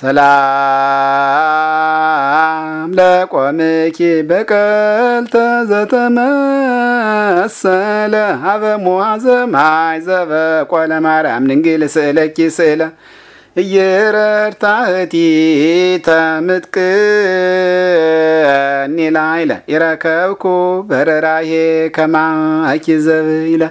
ሰላም ለቆምኪ በቀልተ ዘተመሰለ ሀበ ሙሃዘ ማይ ዘበቆለ ማርያም ድንግል ስእለኪ ስእለ እየረርታ እቲ ተምጥቅኒላ ኢለ ይረከብኩ በረራዬ ከማኪ ኢለ